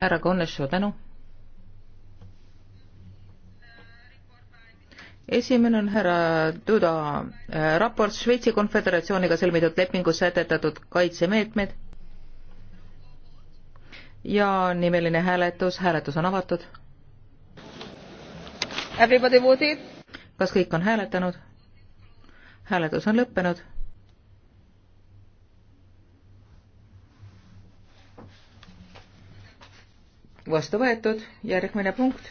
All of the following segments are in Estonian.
härra Konnes, suur tänu. esimene on härra Duda äh, raport Šveitsi Konföderatsiooniga sõlmitud lepingus sätetatud kaitsemeetmed ja nimeline hääletus, hääletus on avatud. kas kõik on hääletanud? hääletus on lõppenud vastu võetud, järgmine punkt.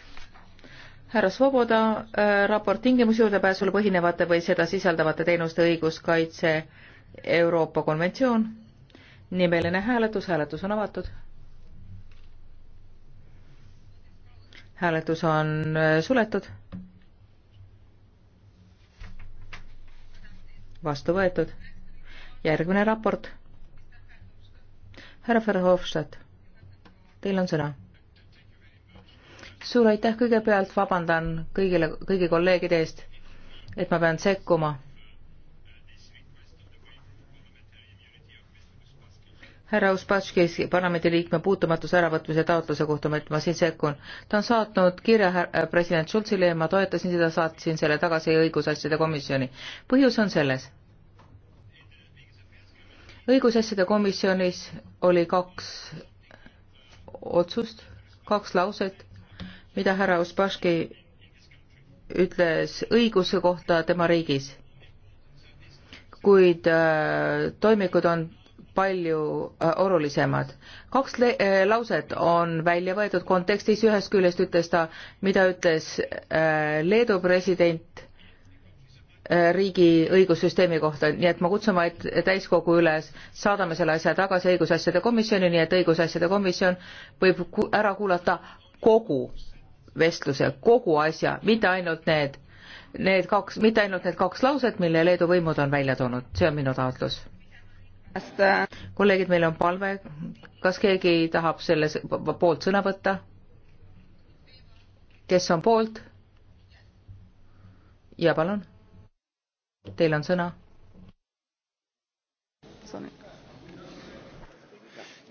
härra Svoboda äh,, raport tingimusi juurdepääsule põhinevate või seda sisaldavate teenuste õiguskaitse Euroopa konventsioon. nimeline hääletus, hääletus on avatud. hääletus on äh, suletud. vastu võetud. järgmine raport. härra Verhofstadt, teil on sõna suur aitäh, kõigepealt vabandan kõigile, kõigi kolleegide eest, et ma pean sekkuma. härra Uspatškis parlamendiliikme puutumatuse äravõtmise taotluse kohta, et ma siin sekkun. ta on saatnud kirja äh, president Schulzile ja ma toetasin seda, saatsin selle tagasi õigusasjade komisjoni. põhjus on selles. õigusasjade komisjonis oli kaks otsust, kaks lauset mida härra Uspaski ütles õiguse kohta tema riigis. kuid äh, toimikud on palju äh, olulisemad. kaks äh, lauset on välja võetud kontekstis, ühest küljest ütles ta, mida ütles äh, Leedu president äh, riigi õigussüsteemi kohta, nii et ma kutsun vaid täiskogu üles, saadame selle asja tagasi õigusasjade komisjoni, nii et õigusasjade komisjon võib ära kuulata kogu vestluse, kogu asja, mitte ainult need, need kaks, mitte ainult need kaks lauset, mille Leedu võimud on välja toonud, see on minu taotlus. kolleegid, meil on palve, kas keegi tahab selle poolt sõna võtta? kes on poolt? ja palun, teil on sõna.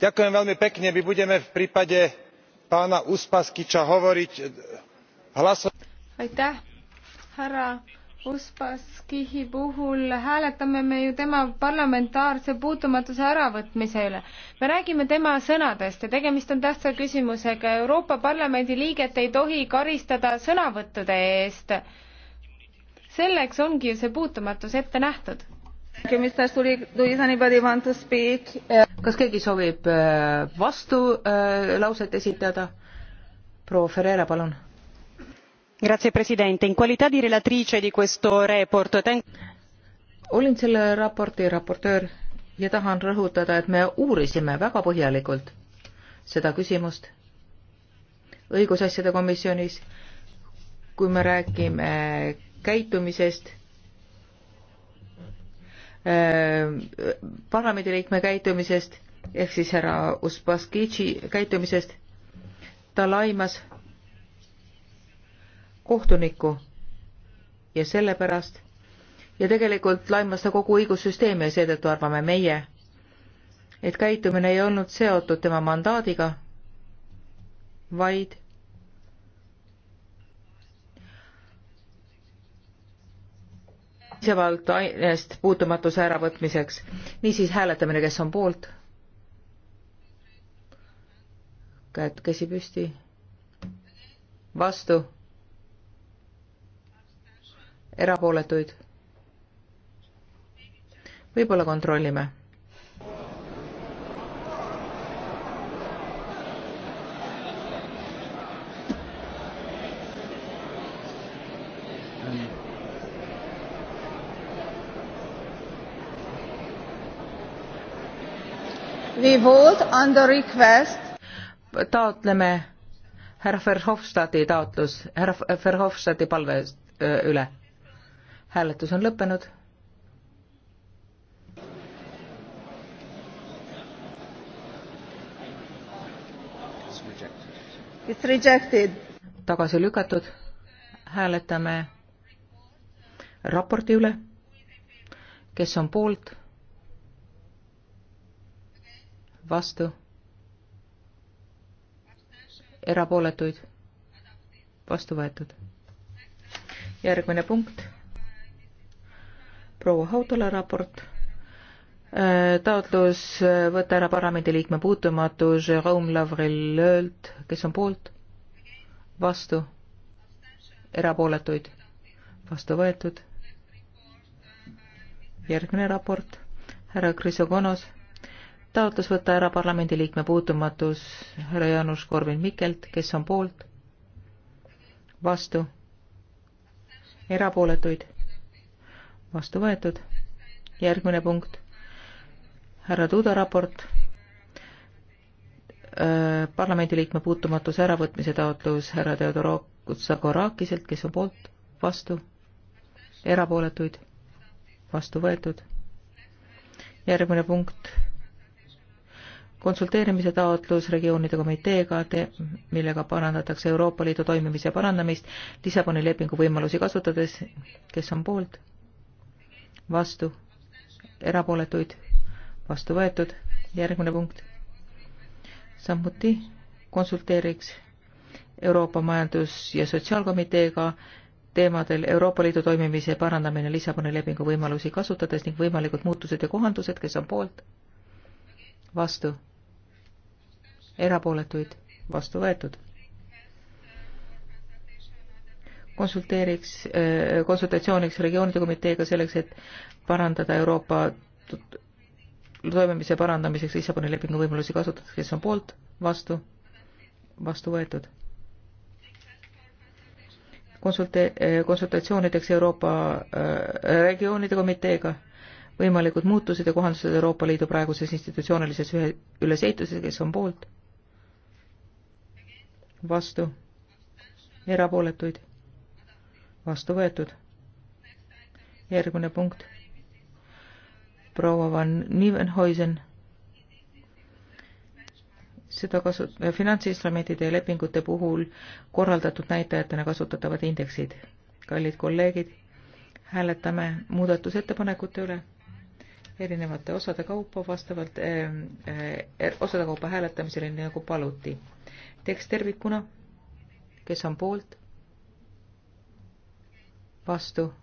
ďakujem veľmi pekne my budeme v prípade pána uspaskicha hovoriť e, aitäh härra uspaskihi puhul hääletame me ju tema parlamentaarse puutumatuse äravõtmise üle me räägime tema sõnadest ja tegemist on tähtsa küsimusega euroopa parlamendi liiget ei tohi karistada sõnavõttude eest selleks ongi ju see puutumatus ette nähtud kas keegi soovib äh, vastu äh, lauset esitada? proua Ferreira, palun. Grazie Presidente, in qualità di relatrice di questo report ten... olin selle raporti raportöör ja tahan rõhutada, et me uurisime väga põhjalikult seda küsimust õigusasjade komisjonis, kui me räägime käitumisest Äh, parlamendiliikme käitumisest ehk siis härra Uspaskitši käitumisest. ta laimas kohtunikku ja sellepärast ja tegelikult laimas ta kogu õigussüsteemi ja seetõttu arvame meie, et käitumine ei olnud seotud tema mandaadiga, vaid piisavalt ainest puutumatuse äravõtmiseks. niisiis hääletamine, kes on poolt? käed, käsi püsti. vastu? erapooletuid? võib-olla kontrollime We vote on the request. taotleme härra Verhofstadti taotlus, härra Verhofstadti palve äh, üle. hääletus on lõppenud. It's rejected. tagasi lükatud. hääletame raporti üle. kes on poolt? vastu, erapooletuid, vastu võetud. järgmine punkt, proua Hautala raport äh, taotlus äh, võtta ära parlamendiliikme puutumatu Jerome Lavrilöölt, kes on poolt, vastu, erapooletuid, vastu võetud. järgmine raport, härra Krisokonos taotlus võtta ära parlamendiliikme puutumatus härra Jaanus Korvin-Mikkelt, kes on poolt, vastu, erapooletuid, vastu võetud. järgmine punkt, härra Tuuda raport äh, parlamendiliikme puutumatuse äravõtmise taotlus härra Theodorakis Sagorakiselt, kes on poolt, vastu, erapooletuid, vastu võetud. järgmine punkt, konsulteerimise taotlus regioonide komiteega, millega parandatakse Euroopa Liidu toimimise parandamist Lissaboni lepingu võimalusi kasutades, kes on poolt, vastu, erapooletuid, vastu võetud, järgmine punkt. samuti konsulteeriks Euroopa Majandus- ja Sotsiaalkomiteega teemadel Euroopa Liidu toimimise parandamine Lissaboni lepingu võimalusi kasutades ning võimalikud muutused ja kohandused, kes on poolt vastu, erapooletuid, vastu võetud. konsulteeriks, äh, konsultatsiooniks regioonide komiteega selleks, et parandada Euroopa toimimise parandamiseks Lissaboni lepingu võimalusi kasutades, kes on poolt, vastu, vastu võetud. konsulte-, äh, konsultatsioonideks Euroopa äh, regioonide komiteega võimalikud muutused ja kohandused Euroopa Liidu praeguses institutsioonilises ühe, ülesehituses, kes on poolt? vastu? erapooletuid? vastu võetud? järgmine punkt. proua Van Nivenhuisen seda kasut-, äh, finantsinstrumentide ja lepingute puhul korraldatud näitajatena kasutatavad indeksid. kallid kolleegid, hääletame muudatusettepanekute üle erinevate osade kaupa vastavalt ähm, äh, er-, osade kaupa hääletamisele, nii nagu paluti. tekst tervikuna, kes on poolt, vastu,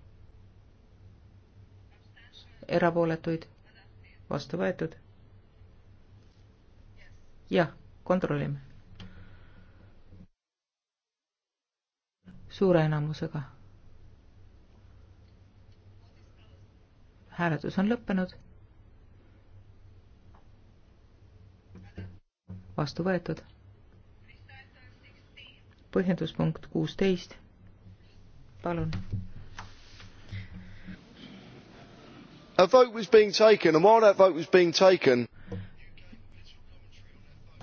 erapooletuid, vastu võetud. jah, kontrollime. suure enamusega hääletus on lõppenud. vastu võetud. põhjenduspunkt kuusteist, palun. A vote was being taken and while that vote was being taken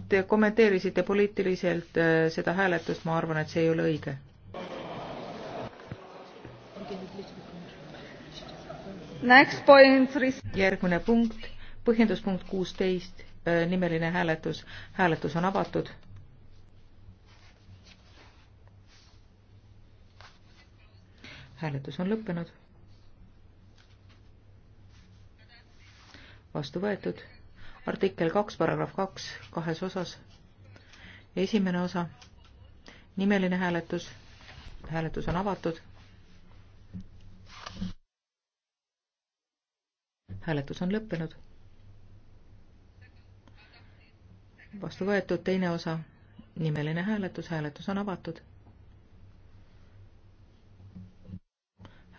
Te kommenteerisite poliitiliselt äh, seda hääletust, ma arvan, et see ei ole õige järgmine punkt põhjenduspunkt kuusteist nimeline hääletus. hääletus on avatud. hääletus on lõppenud. vastu võetud. artikkel kaks, paragrahv kaks, kahes osas. esimene osa, nimeline hääletus. hääletus on avatud. hääletus on lõppenud vastu võetud, teine osa, nimeline hääletus, hääletus on avatud.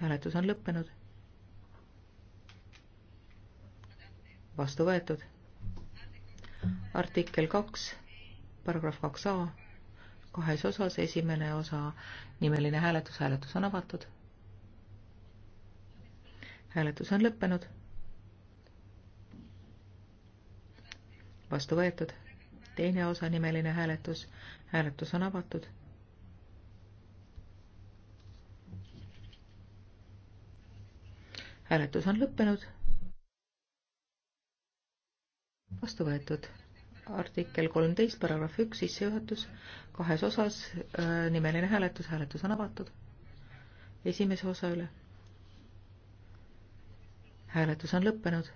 hääletus on lõppenud. vastu võetud. artikkel kaks, paragrahv kaks A, kahes osas, esimene osa, nimeline hääletus, hääletus on avatud. hääletus on lõppenud vastu võetud teine osa nimeline hääletus. hääletus on avatud. hääletus on lõppenud. vastu võetud artikkel kolmteist, paragrahv üks, sissejuhatus kahes osas, äh, nimeline hääletus, hääletus on avatud. esimese osa üle. hääletus on lõppenud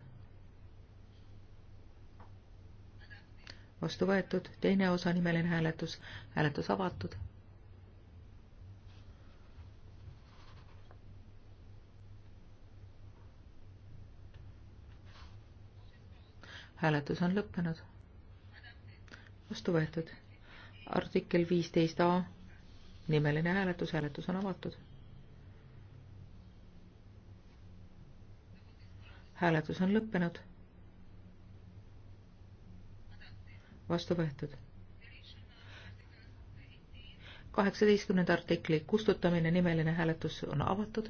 vastu võetud, teine osa nimeline hääletus, hääletus avatud. hääletus on lõppenud. vastu võetud. artikkel viisteist A nimeline hääletus, hääletus on avatud. hääletus on lõppenud vastu võetud. kaheksateistkümnenda artikli kustutamine, nimeline hääletus on avatud.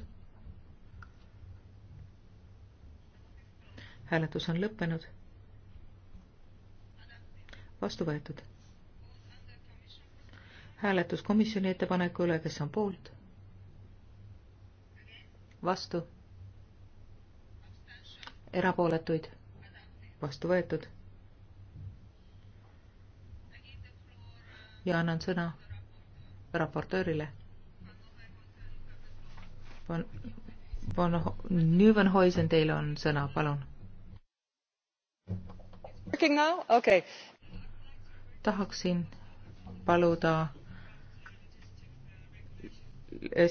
hääletus on lõppenud. vastu võetud. hääletus komisjoni ettepaneku üle, kes on poolt? vastu? erapooletuid? vastu võetud ja annan sõna raportöörile. Von, von Neuwenhuisen, teil on sõna, palun. Okay. tahaksin paluda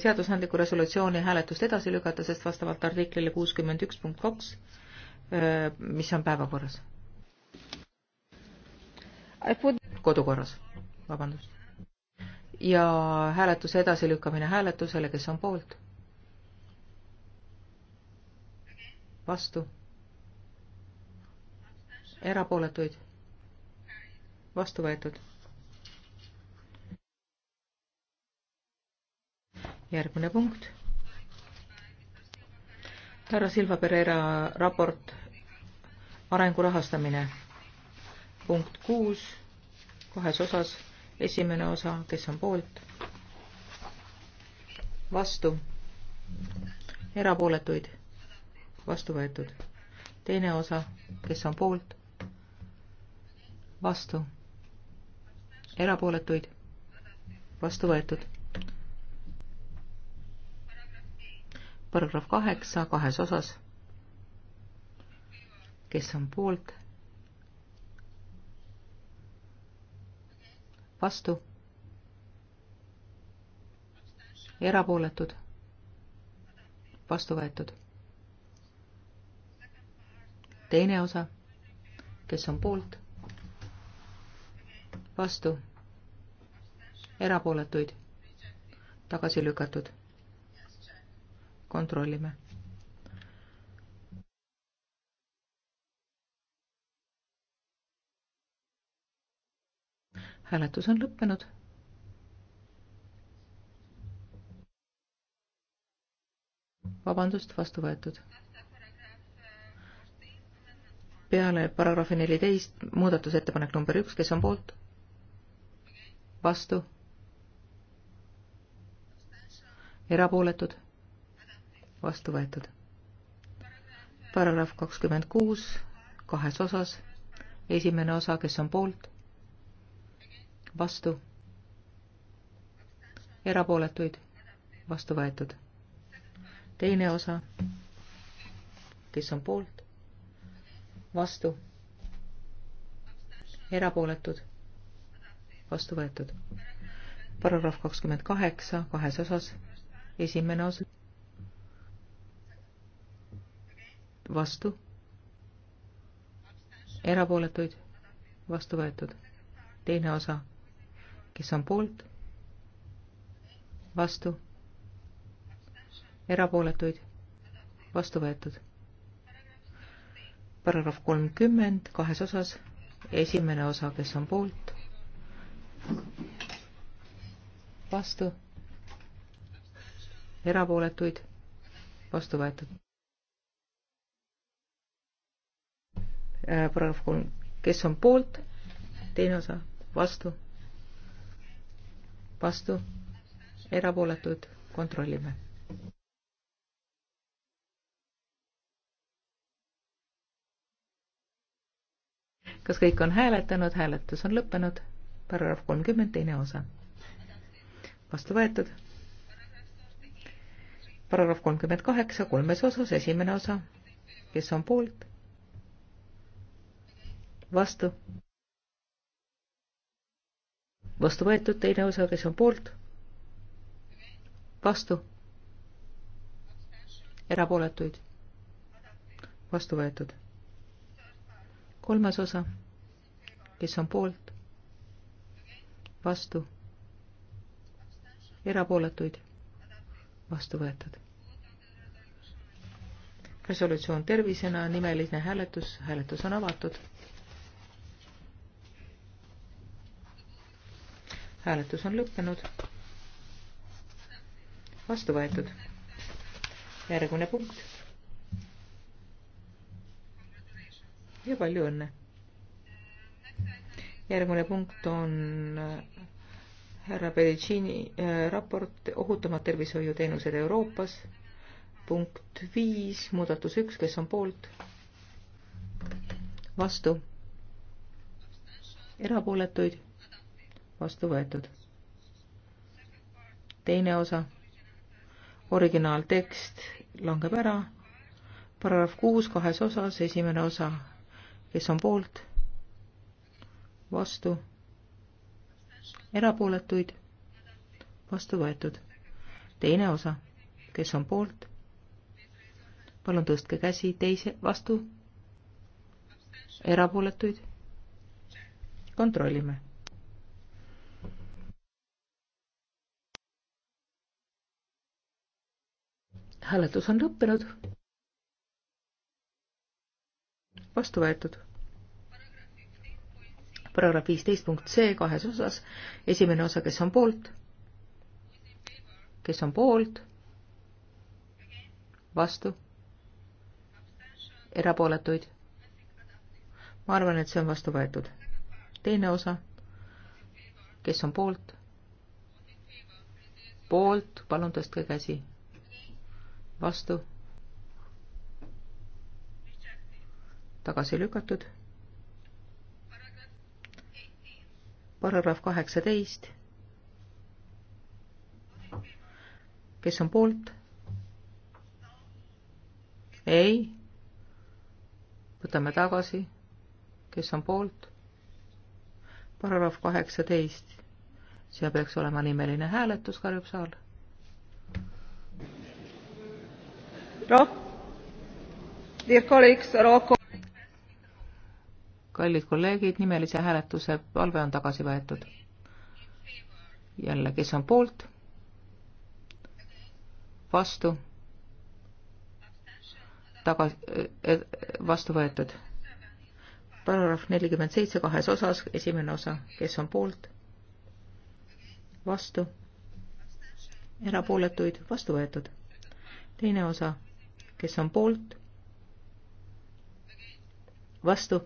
seadusandliku resolutsiooni hääletust edasi lükata, sest vastavalt artiklile kuuskümmend üks punkt kaks, äh, mis on päevakorras. kodukorras vabandust. ja hääletuse edasilükkamine hääletusele, kes on poolt? vastu? erapooletuid? vastu võetud. järgmine punkt. härra Silva Pereira raport arengu rahastamine. punkt kuus kahes osas esimene osa, kes on poolt, vastu, erapooletuid, vastu võetud. teine osa, kes on poolt, vastu, erapooletuid, vastu võetud. paragrahv kaheksa kahes osas, kes on poolt vastu, erapooletud, vastu võetud. teine osa, kes on poolt, vastu, erapooletuid, tagasi lükatud. kontrollime hääletus on lõppenud. vabandust, vastu võetud. peale paragrahvi neliteist muudatusettepanek number üks, kes on poolt? vastu? erapooletud? vastu võetud. paragrahv kakskümmend kuus, kahes osas. esimene osa, kes on poolt? vastu, erapooletuid, vastu võetud. teine osa, kes on poolt, vastu, erapooletud, vastu võetud. paragrahv kakskümmend kaheksa, kahes osas, esimene osa, vastu, erapooletuid, vastu võetud. teine osa kes on poolt, vastu, erapooletuid, vastu võetud. paragrahv kolmkümmend kahes osas, esimene osa, kes on poolt, vastu, erapooletuid, vastu võetud. Äh, paragrahv kolm, kes on poolt, teine osa, vastu vastu, erapooletud, kontrollime. kas kõik on hääletanud, hääletus on lõppenud, paragrahv kolmkümmend, teine osa. vastu võetud. paragrahv kolmkümmend kaheksa, kolmes osas, esimene osa, kes on poolt, vastu vastu võetud, teine osa, kes on poolt, vastu, erapooletuid, vastu võetud. kolmas osa, kes on poolt, vastu, erapooletuid, vastu võetud. resolutsioon tervisena, nimeline hääletus, hääletus on avatud hääletus on lõppenud. vastu võetud. järgmine punkt. ja palju õnne. järgmine punkt on äh, härra Pedicini äh, raport Ohutamad tervishoiuteenused Euroopas. punkt viis, muudatus üks, kes on poolt? vastu? erapooletuid vastu võetud. teine osa, originaaltekst langeb ära, paragrahv kuus kahes osas, esimene osa, kes on poolt, vastu, erapooletuid, vastu võetud. teine osa, kes on poolt, palun tõstke käsi teise, vastu, erapooletuid kontrollime hääletus on lõppenud. vastu võetud. paragrahv viisteist punkt C kahes osas, esimene osa, kes on poolt, kes on poolt, vastu, erapooletuid. ma arvan, et see on vastu võetud. teine osa, kes on poolt, poolt, palun tõstke käsi vastu, tagasi lükatud. paragrahv kaheksateist. kes on poolt? ei. võtame tagasi. kes on poolt? paragrahv kaheksateist. see peaks olema nimeline hääletus, karjub saal kallid kolleegid, nimelise hääletuse palve on tagasi võetud. jälle, kes on poolt? vastu? tagasi, eh, eh, vastu võetud. paragrahv nelikümmend seitse kahes osas, esimene osa, kes on poolt? vastu? erapooletuid, vastu võetud. teine osa kes on poolt, vastu,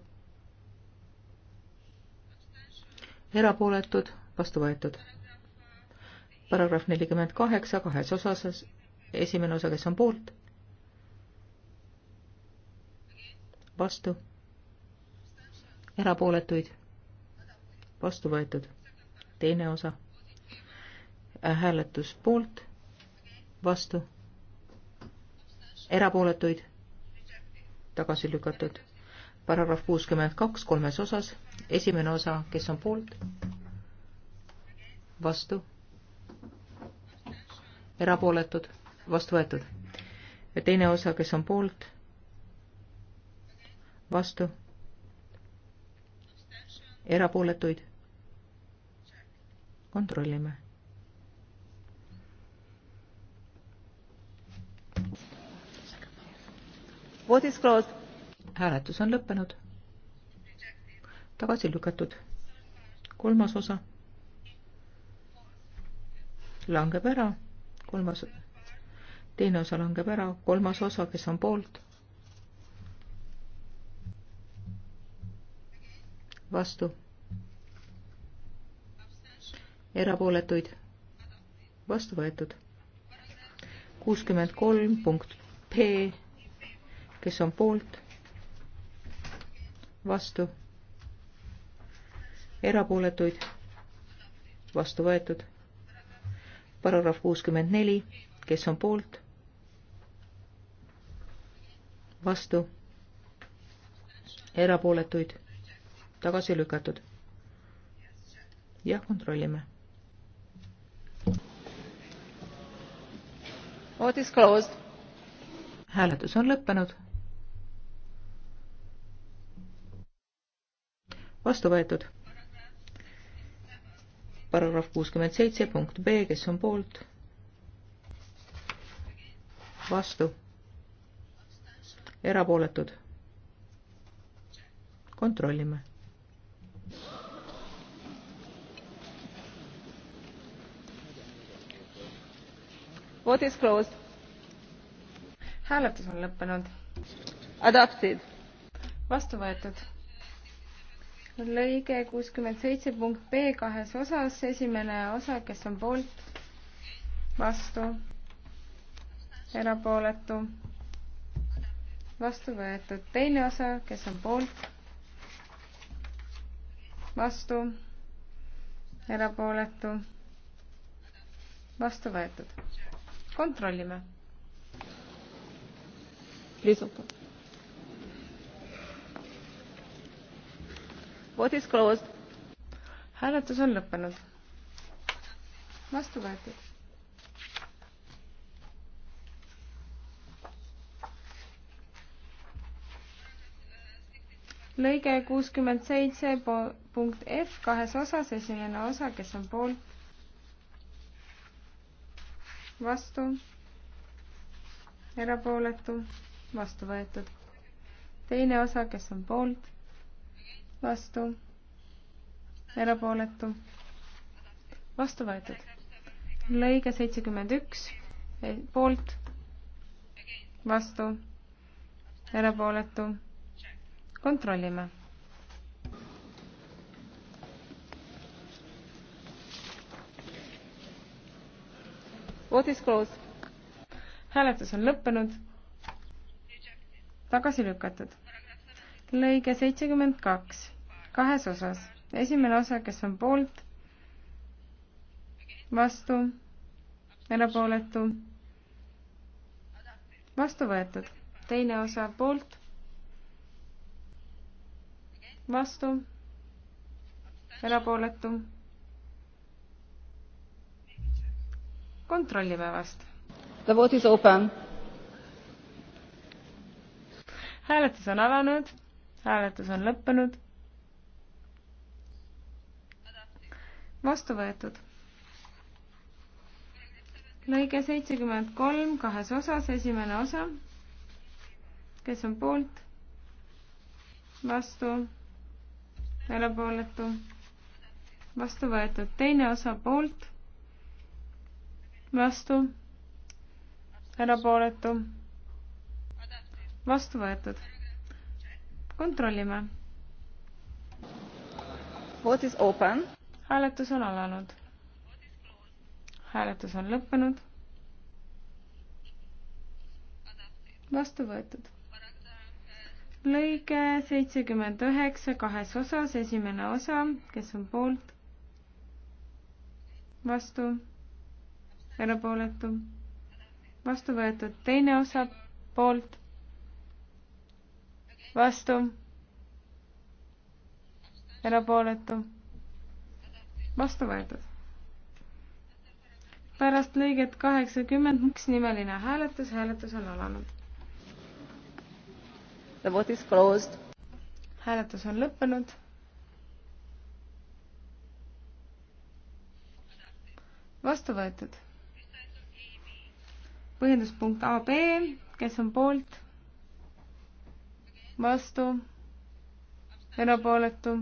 erapooletud, vastu võetud. paragrahv nelikümmend kaheksa kahes osas, esimene osa, kes on poolt, vastu, erapooletuid, vastu võetud. teine osa, hääletus poolt, vastu erapooletuid, tagasi lükatud. paragrahv kuuskümmend kaks kolmes osas, esimene osa, kes on poolt, vastu, erapooletud, vastu võetud. ja teine osa, kes on poolt, vastu, erapooletuid, kontrollime Vote is closed. hääletus on lõppenud. tagasi lükatud. kolmas osa langeb ära, kolmas, teine osa langeb ära, kolmas osa, kes on poolt, vastu, erapooletuid, vastu võetud, kuuskümmend kolm punkt P kes on poolt, vastu, erapooletuid, vastu võetud. paragrahv kuuskümmend neli, kes on poolt, vastu, erapooletuid, tagasi lükatud. jah, kontrollime. Vote is closed. hääletus on lõppenud vastu võetud. paragrahv kuuskümmend seitse punkt B, kes on poolt? vastu. erapooletud. kontrollime Vote is closed. hääletus on lõppenud. Adopted. vastu võetud lõige kuuskümmend seitse punkt B kahes osas, esimene osa, kes on poolt, vastu, erapooletu, vastu võetud, teine osa, kes on poolt, vastu, erapooletu, vastu võetud. kontrollime. lisandub Vote is closed. hääletus on lõppenud. vastu võetud. lõige kuuskümmend seitse punkt F kahes osas, esimene osa, kes on poolt, vastu, erapooletu, vastu võetud. teine osa, kes on poolt, vastu, erapooletu, vastu võetud. lõige seitsekümmend üks, eh, poolt, vastu, erapooletu, kontrollime Vote is closed. hääletus on lõppenud. tagasi lükatud lõige seitsekümmend kaks, kahes osas. esimene osa, kes on poolt, vastu, erapooletu, vastu võetud. teine osa poolt, vastu, erapooletu. kontrollime vast. The vote is open. hääletus on alanud hääletus on lõppenud. vastu võetud. lõige seitsekümmend kolm kahes osas, esimene osa. kes on poolt? vastu, erapooletu, vastu võetud, teine osa poolt, vastu, erapooletu, vastu võetud kontrollime. What is open? hääletus on alanud. hääletus on lõppenud. vastu võetud. lõige seitsekümmend üheksa kahes osas, esimene osa, kes on poolt? vastu, erapooletu, vastu võetud, teine osa poolt vastu, erapooletu, vastu võetud. pärast lõiget kaheksakümmend üks nimeline hääletus, hääletus on alanud. The vote is closed. hääletus on lõppenud. vastu võetud. põhjenduspunkt AB, kes on poolt vastu, erapooletu,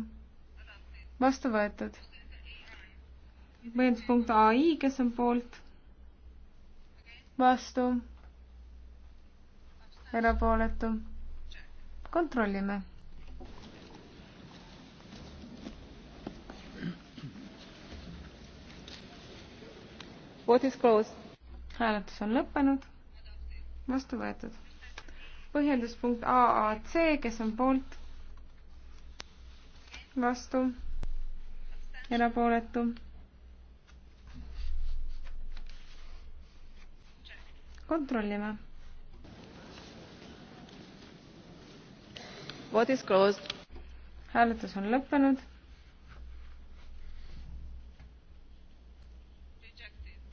vastu võetud. põhjenduspunkt ai, kes on poolt, vastu, erapooletu. kontrollime hääletus on lõppenud vastu võetud põhjenduspunkt AAC, kes on poolt, vastu, erapooletu. kontrollime. What is closed? hääletus on lõppenud.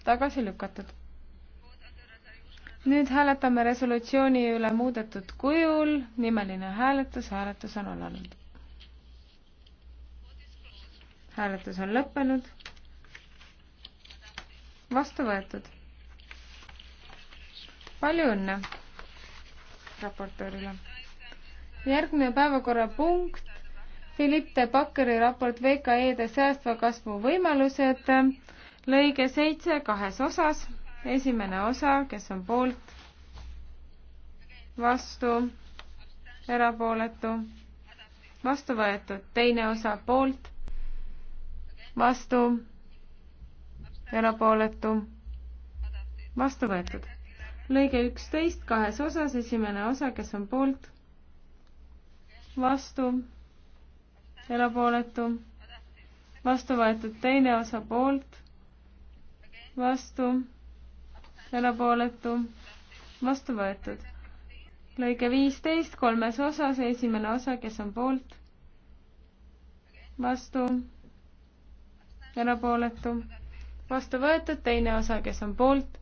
tagasi lükatud nüüd hääletame resolutsiooni üle muudetud kujul, nimeline hääletus, hääletus on alanud. hääletus on lõppenud. vastu võetud. palju õnne raportöörile. järgmine päevakorrapunkt, Philippe Bakkeri raport VKE-de säästva kasvu võimalused, lõige seitse kahes osas esimene osa, kes on poolt, vastu, erapooletu, vastu võetud, teine osa poolt, vastu, erapooletu, vastu võetud. lõige üksteist kahes osas, esimene osa, kes on poolt, vastu, erapooletu, vastu võetud, teine osa poolt, vastu erapooletu, vastu võetud. lõige viisteist kolmes osas, esimene osa, kes on poolt, vastu, erapooletu, vastu võetud, teine osa, kes on poolt,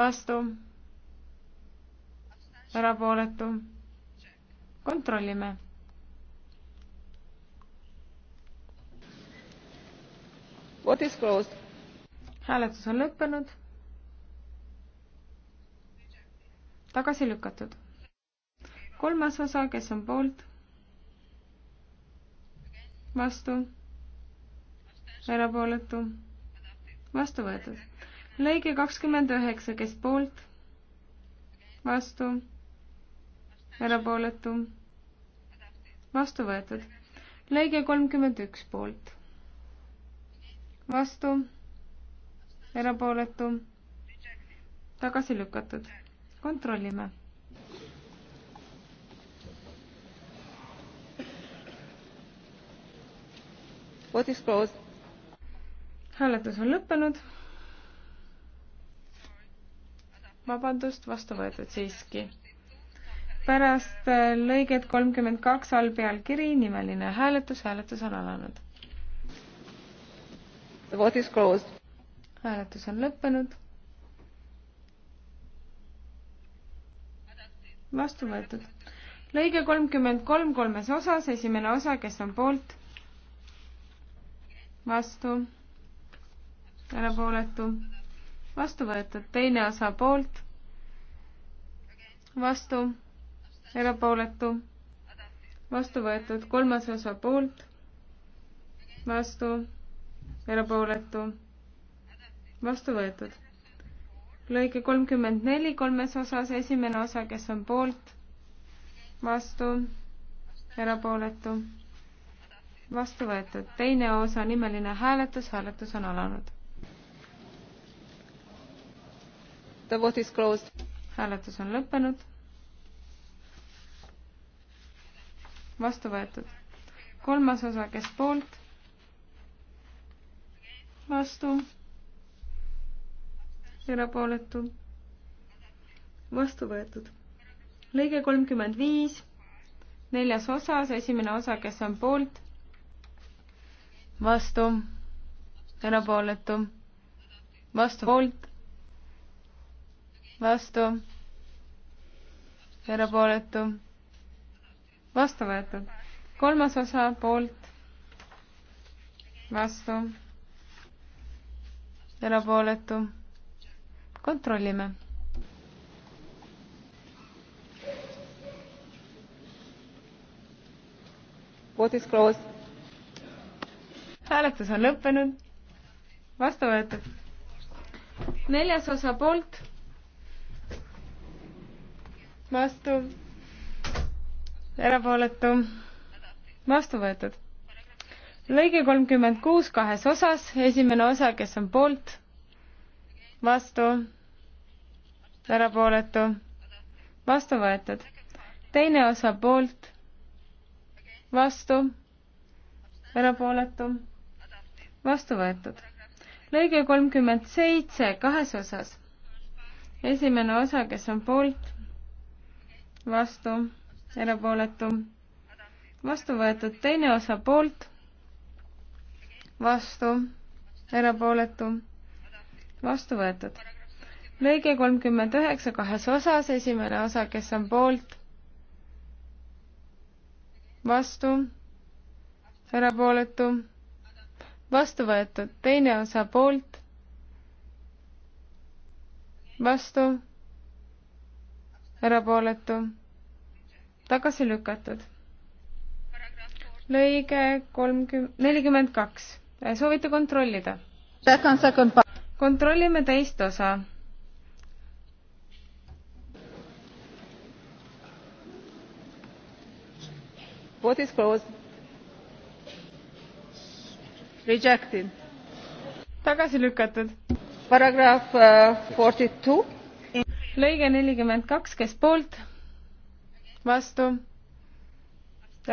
vastu, erapooletu. kontrollime hääletus on lõppenud tagasi lükatud. kolmas osa, kes on poolt? vastu? erapooletu? vastu võetud. lõige kakskümmend üheksa, kes poolt? vastu? erapooletu? vastu võetud. lõige kolmkümmend üks poolt. vastu? erapooletu? tagasi lükatud kontrollime. hääletus on lõppenud. vabandust, vastu võetud siiski. pärast äh, lõiget kolmkümmend kaks allpealkiri, nimeline hääletus, hääletus on alanud. hääletus on lõppenud vastu võetud. lõige kolmkümmend kolm kolmes osas, esimene osa, kes on poolt? vastu, erapooletu, vastu võetud, teine osa poolt, vastu, erapooletu, vastu võetud, kolmas osa poolt, vastu, erapooletu, vastu võetud lõige kolmkümmend neli kolmes osas, esimene osa, kes on poolt, vastu, erapooletu, vastu võetud. teine osa, nimeline hääletus, hääletus on alanud. The vote is closed. hääletus on lõppenud. vastu võetud. kolmas osa, kes poolt, vastu erapooletu, vastu võetud. lõige kolmkümmend viis, neljas osas, esimene osa, kes on poolt, vastu, erapooletu, vastu, poolt, vastu, erapooletu, vastu võetud. kolmas osa, poolt, vastu, erapooletu kontrollime. hääletus on lõppenud. vastu võetud. neljas osa poolt. vastu. erapooletu. vastu võetud. lõige kolmkümmend kuus kahes osas, esimene osa, kes on poolt, vastu erapooletu, vastu võetud. teine osa poolt, vastu, erapooletu, vastu võetud. lõige kolmkümmend seitse kahes osas. esimene osa, kes on poolt, vastu, erapooletu, vastu võetud. teine osa poolt, vastu, erapooletu, vastu võetud lõige kolmkümmend üheksa kahes osas, esimene osa, kes on poolt, vastu, erapooletu, vastu võetud, teine osa poolt, vastu, erapooletu, tagasi lükatud. lõige kolmkümmend, nelikümmend kaks, soovite kontrollida? kontrollime teist osa vote is closed rejected tagasi lükatud paragrahv uh, lõige nelikümmend kaks kes poolt vastu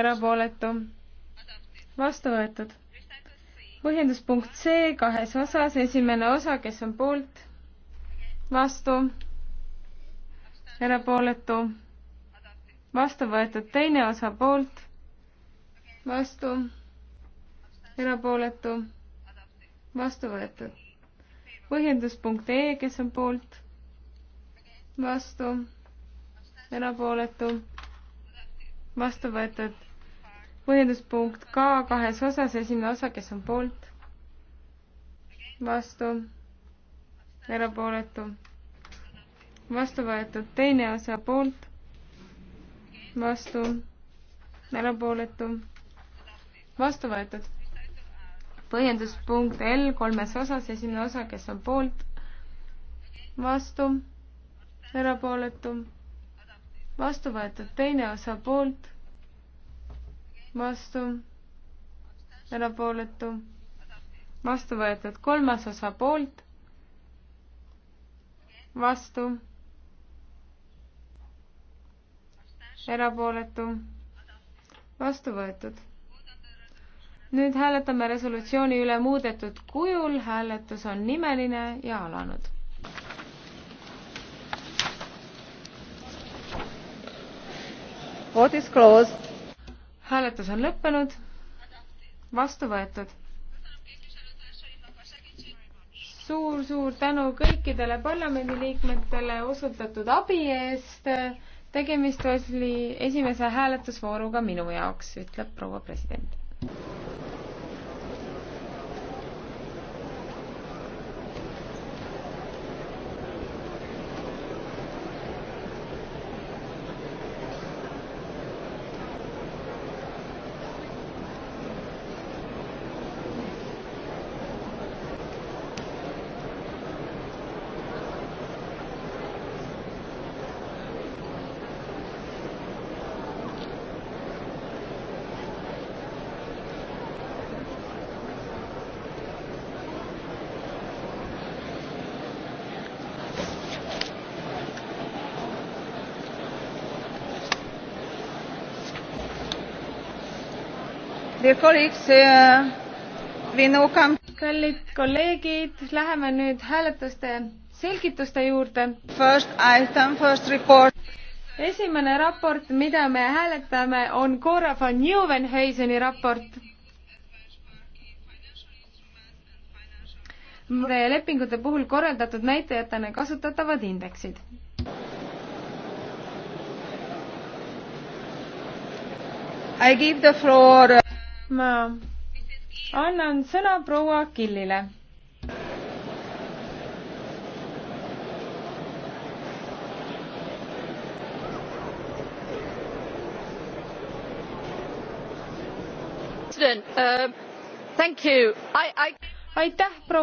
erapooletu vastu võetud põhjenduspunkt C kahes osas esimene osa kes on poolt vastu erapooletu vastu võetud teine osa poolt vastu, erapooletu, vastu võetud. põhjenduspunkt E, kes on poolt, vastu, erapooletu, vastu võetud. põhjenduspunkt K ka kahes osas, esimene osa, kes on poolt, vastu, erapooletu, vastu võetud. teine osa poolt, vastu, erapooletu vastu võetud. põhjenduspunkt L kolmes osas, esimene osa, kes on poolt, vastu, erapooletu, vastu võetud, teine osa poolt, vastu, erapooletu, vastu võetud, kolmas osa poolt, vastu, erapooletu, vastu võetud nüüd hääletame resolutsiooni üle muudetud kujul, hääletus on nimeline ja alanud. Vote is closed. hääletus on lõppenud, vastu võetud suur,. suur-suur tänu kõikidele parlamendiliikmetele osutatud abi eest. tegemist oli esimese hääletusvooruga minu jaoks, ütleb proua president Uh, kallid kolleegid, läheme nüüd hääletuste selgituste juurde. esimene raport, mida me hääletame, on Cora von Neuwenhuiseni raport. lepingute puhul korraldatud näitajatena kasutatavad indeksid. I give the floor uh, ma annan sõna proua Killile. Uh, aitäh proua.